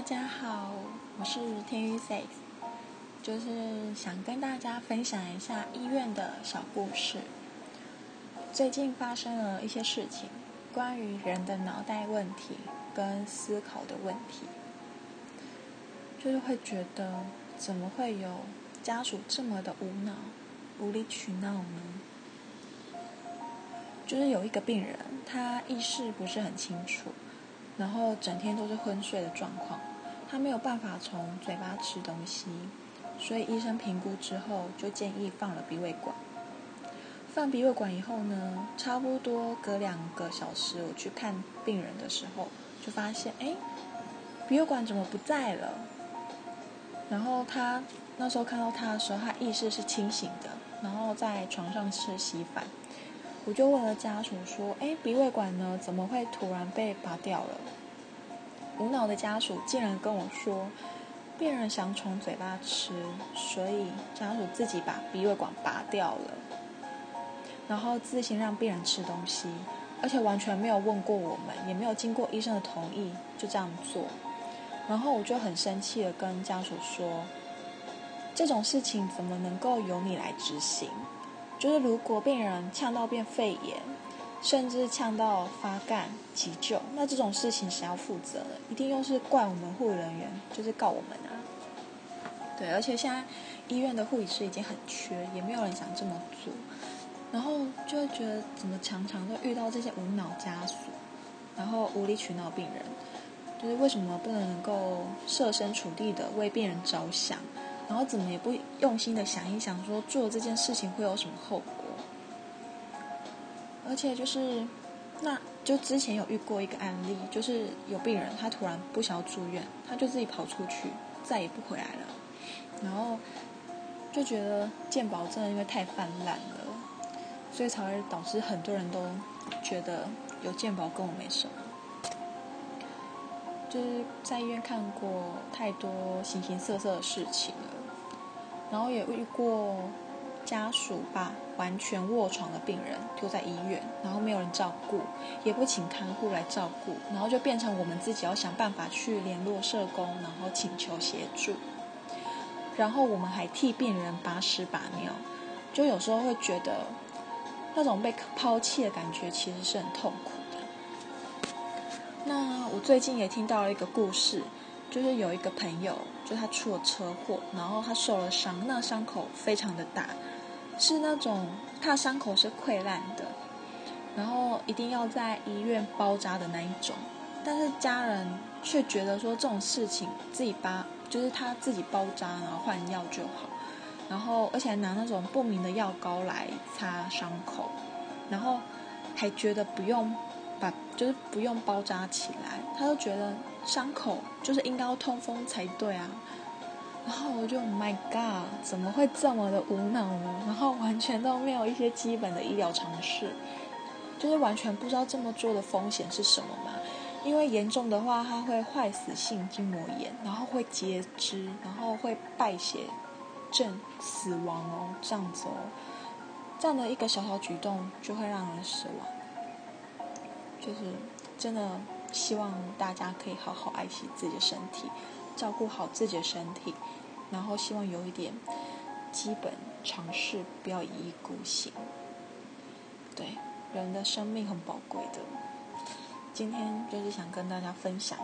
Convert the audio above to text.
大家好，我是天宇 s a y 就是想跟大家分享一下醫院的小故事。最近發生了一些事情，關於人的腦袋問題跟思考的問題，就是會覺得，怎麼會有家屬這麼的無腦、無理取鬧呢？就是有一個病人，他意識不是很清楚。然後整天都是昏睡的狀況，他沒有辦法從嘴巴吃東西，所以醫生評估之後就建議放了鼻胃管。放鼻胃管以後呢，差不多隔兩個小時，我去看病人的時候，就發現誒，鼻胃管怎麼不在了？然後他那時候看到他的時候，他意識是清醒的，然後在床上吃稀飯。我就問了家屬說：“哎，鼻胃管呢？怎麼會突然被拔掉了？”無腦的家屬竟然跟我說：“病人想從嘴巴吃，所以家屬自己把鼻胃管拔掉了，然後自行讓病人吃東西，而且完全沒有問過我們，也沒有經過醫生的同意就這樣做。”然後我就很生氣地跟家屬說：“這種事情怎麼能夠由你來執行？”就是如果病人嗆到變肺炎，甚至嗆到發乾急救，那這種事情是要負責的，一定又是怪我們護理人員，就是告我們啊。對，而且現在醫院的護理師已經很缺，也沒有人想這麼做。然後就會覺得怎麼常常都遇到這些無腦家屬，然後無理取鬧病人，就是為什麼不能夠設身處地的為病人着想？然後怎麼也不用心的想一想，說做這件事情會有什麼後果？而且就是，那就之前有遇過一個案例，就是有病人他突然不想要住院，他就自己跑出去，再也不回來了。然後就覺得健保真的因為太泛濫了，所以才會導致很多人都覺得有健保跟我沒什麼。就是在醫院看過太多形形色色的事情了。然後也遇過家屬把完全臥床的病人丟在醫院，然後沒有人照顧，也不請看護來照顧，然後就變成我們自己要想辦法去聯絡社工，然後請求協助。然後我們還替病人把屎把尿，就有時候會覺得那種被拋棄的感覺其實是很痛苦的。那我最近也聽到了一個故事。就是有一個朋友，就他出了車禍，然後他受了傷，那傷口非常的大，是那種他傷口是潰爛的，然後一定要在醫院包紮的那一種，但是家人卻覺得說這種事情自己包，就是他自己包紮然後換藥就好，然後而且還拿那種不明的藥膏來擦傷口，然後還覺得不用。把就是不用包紮起來，他就覺得傷口就是應該要通風才對啊。然後我就，Oh My God，怎麼會這麼的無腦呢？然後完全都沒有一些基本的醫療常識，就是完全不知道這麼做的風險是什麼嘛？因為嚴重的話，他會壞死性筋膜炎，然後會截肢，然後會敗血症、死亡哦，這樣子哦。這樣的一個小小舉動就會讓人死亡。就是真的，希望大家可以好好愛惜自己的身體，照顧好自己的身體，然後希望有一點基本常識，不要一意孤行。對，人的生命很寶貴的。今天就是想跟大家分享。